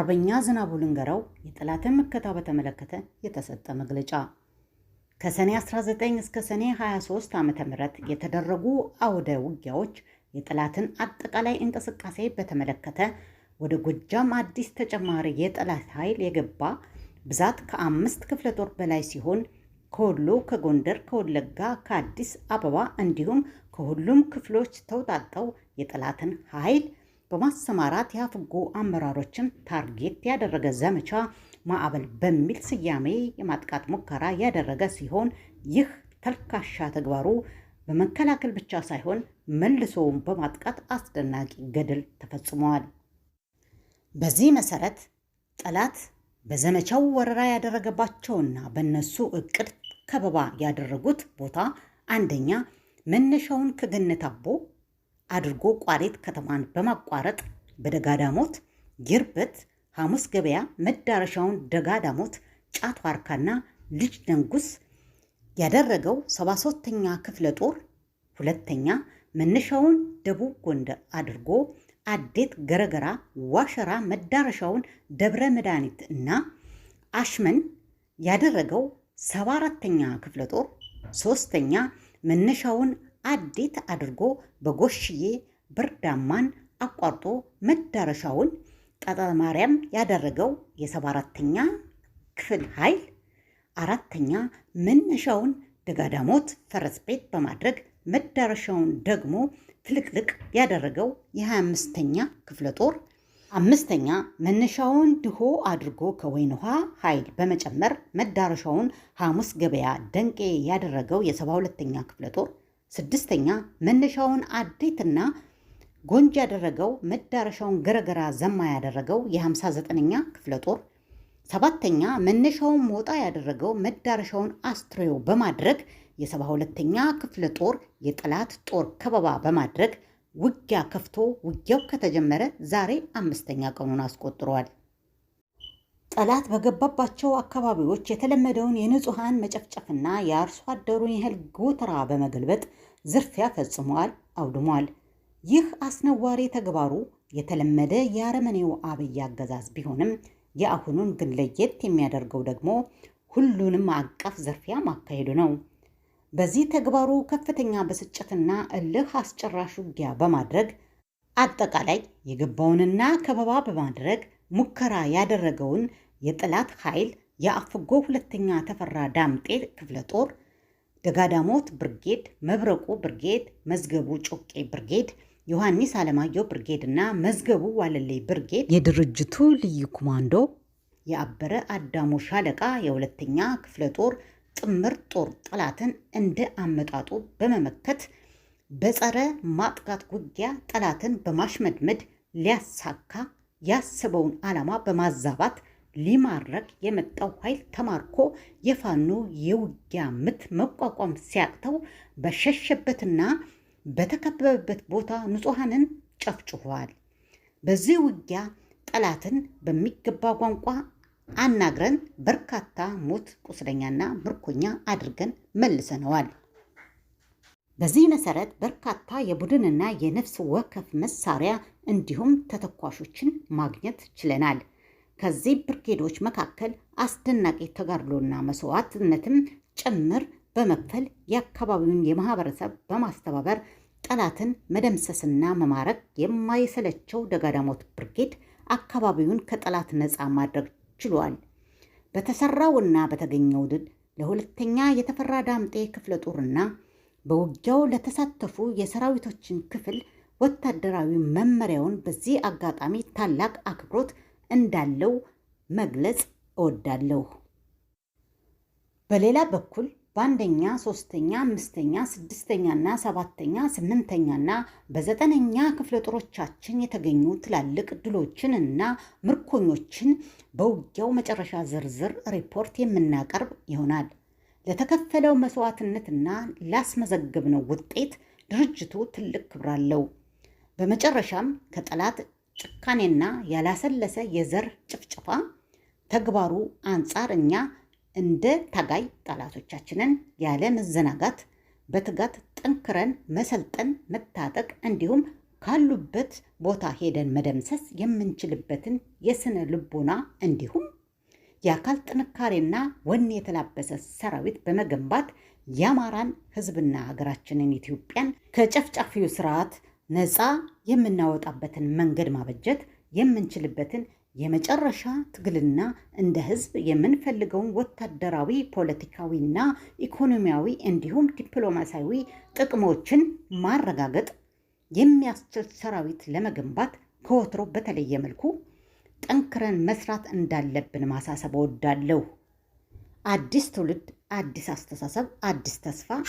አርበኛ ዝናቡ ልንገረው የጠላትን መከታ በተመለከተ የተሰጠ መግለጫ ከሰኔ 19 እስከ ሰኔ 23 ዓ ም የተደረጉ አውደ ውጊያዎች የጠላትን አጠቃላይ እንቅስቃሴ በተመለከተ ወደ ጎጃም አዲስ ተጨማሪ የጠላት ኃይል የገባ ብዛት ከአምስት ክፍለ ጦር በላይ ሲሆን ከወሎ፣ ከጎንደር፣ ከወለጋ፣ ከአዲስ አበባ እንዲሁም ከሁሉም ክፍሎች ተውጣጠው የጠላትን ኃይል በማሰማራት የአፍጎ አመራሮችን ታርጌት ያደረገ ዘመቻ ማዕበል በሚል ስያሜ የማጥቃት ሙከራ ያደረገ ሲሆን ይህ ተልካሻ ተግባሩ በመከላከል ብቻ ሳይሆን መልሶውን በማጥቃት አስደናቂ ገድል ተፈጽሟል። በዚህ መሰረት ጠላት በዘመቻው ወረራ ያደረገባቸውና በነሱ እቅድ ከበባ ያደረጉት ቦታ አንደኛ መነሻውን ከገነት አቦ አድርጎ ቋሪት ከተማን በማቋረጥ በደጋ ዳሞት ጊርበት ሐሙስ ገበያ መዳረሻውን ደጋ ዳሞት ጫት ዋርካና ልጅ ደንጉስ ያደረገው 73ኛ ክፍለ ጦር ሁለተኛ መነሻውን ደቡብ ጎንደር አድርጎ አዴት ገረገራ ዋሸራ መዳረሻውን ደብረ መድኃኒት እና አሽመን ያደረገው 74ተኛ ክፍለ ጦር ሶስተኛ መነሻውን አዴት አድርጎ በጎሽዬ ብርዳማን አቋርጦ መዳረሻውን ቀጠለ ማርያም ያደረገው የሰባ አራተኛ ክፍል ኃይል አራተኛ መነሻውን ደጋዳሞት ፈረስ ቤት በማድረግ መዳረሻውን ደግሞ ፍልቅልቅ ያደረገው የሃያ አምስተኛ ክፍለ ጦር አምስተኛ መነሻውን ድሆ አድርጎ ከወይን ውሃ ኃይል በመጨመር መዳረሻውን ሐሙስ ገበያ ደንቄ ያደረገው የሰባ ሁለተኛ ክፍለ ጦር ስድስተኛ መነሻውን አዴትና ጎንጅ ያደረገው መዳረሻውን ገረገራ ዘማ ያደረገው የ59ኛ ክፍለ ጦር ሰባተኛ መነሻውን ሞጣ ያደረገው መዳረሻውን አስትሮዮ በማድረግ የ72ኛ ክፍለ ጦር የጠላት ጦር ከበባ በማድረግ ውጊያ ከፍቶ ውጊያው ከተጀመረ ዛሬ አምስተኛ ቀኑን አስቆጥሯል። ጠላት በገባባቸው አካባቢዎች የተለመደውን የንጹሐን መጨፍጨፍና የአርሶ አደሩን ያህል ጎተራ በመገልበጥ ዝርፊያ ፈጽሟል፣ አውድሟል። ይህ አስነዋሪ ተግባሩ የተለመደ የአረመኔው አብይ አገዛዝ ቢሆንም የአሁኑን ግን ለየት የሚያደርገው ደግሞ ሁሉንም አቀፍ ዝርፊያ ማካሄዱ ነው። በዚህ ተግባሩ ከፍተኛ ብስጭትና እልህ አስጨራሽ ውጊያ በማድረግ አጠቃላይ የገባውንና ከበባ በማድረግ ሙከራ ያደረገውን የጠላት ኃይል የአፍጎ ሁለተኛ ተፈራ ዳምጤ ክፍለ ጦር፣ ደጋዳሞት ብርጌድ፣ መብረቁ ብርጌድ፣ መዝገቡ ጮቄ ብርጌድ፣ ዮሐንስ አለማየሁ ብርጌድ እና መዝገቡ ዋለሌ ብርጌድ የድርጅቱ ልዩ ኮማንዶ የአበረ አዳሙ ሻለቃ የሁለተኛ ክፍለ ጦር ጥምር ጦር ጠላትን እንደ አመጣጡ በመመከት በጸረ ማጥቃት ውጊያ ጠላትን በማሽመድመድ ሊያሳካ ያሰበውን ዓላማ በማዛባት ሊማረክ የመጣው ኃይል ተማርኮ የፋኖ የውጊያ ምት መቋቋም ሲያቅተው በሸሸበትና በተከበበበት ቦታ ንጹሐንን ጨፍጭፏል። በዚህ ውጊያ ጠላትን በሚገባ ቋንቋ አናግረን በርካታ ሞት ቁስለኛና ምርኮኛ አድርገን መልሰነዋል። በዚህ መሰረት በርካታ የቡድንና የነፍስ ወከፍ መሳሪያ እንዲሁም ተተኳሾችን ማግኘት ችለናል። ከዚህ ብርጌዶች መካከል አስደናቂ ተጋድሎና መስዋዕትነትም ጭምር በመክፈል የአካባቢውን የማህበረሰብ በማስተባበር ጠላትን መደምሰስና መማረክ የማይሰለቸው ደጋዳሞት ብርጌድ አካባቢውን ከጠላት ነፃ ማድረግ ችሏል። በተሰራውና በተገኘው ድል ለሁለተኛ የተፈራ ዳምጤ ክፍለ ጦርና በውጊያው ለተሳተፉ የሰራዊቶችን ክፍል ወታደራዊ መመሪያውን በዚህ አጋጣሚ ታላቅ አክብሮት እንዳለው መግለጽ እወዳለሁ። በሌላ በኩል በአንደኛ፣ ሶስተኛ፣ አምስተኛ፣ ስድስተኛና ሰባተኛ፣ ስምንተኛና በዘጠነኛ ክፍለ ጦሮቻችን የተገኙ ትላልቅ ድሎችን እና ምርኮኞችን በውጊያው መጨረሻ ዝርዝር ሪፖርት የምናቀርብ ይሆናል። ለተከፈለው መስዋዕትነትና ላስመዘገብነው ውጤት ድርጅቱ ትልቅ ክብር አለው። በመጨረሻም ከጠላት ጭካኔና ያላሰለሰ የዘር ጭፍጭፋ ተግባሩ አንጻር እኛ እንደ ታጋይ ጠላቶቻችንን ያለ መዘናጋት በትጋት ጠንክረን መሰልጠን፣ መታጠቅ እንዲሁም ካሉበት ቦታ ሄደን መደምሰስ የምንችልበትን የስነ ልቦና እንዲሁም የአካል ጥንካሬና ወኔ የተላበሰ ሰራዊት በመገንባት የአማራን ሕዝብና ሀገራችንን ኢትዮጵያን ከጨፍጫፊው ስርዓት ነፃ የምናወጣበትን መንገድ ማበጀት የምንችልበትን የመጨረሻ ትግልና እንደ ህዝብ የምንፈልገውን ወታደራዊ ፖለቲካዊና ኢኮኖሚያዊ እንዲሁም ዲፕሎማሲያዊ ጥቅሞችን ማረጋገጥ የሚያስችል ሰራዊት ለመገንባት ከወትሮ በተለየ መልኩ ጠንክረን መስራት እንዳለብን ማሳሰብ እወዳለሁ። አዲስ ትውልድ፣ አዲስ አስተሳሰብ፣ አዲስ ተስፋ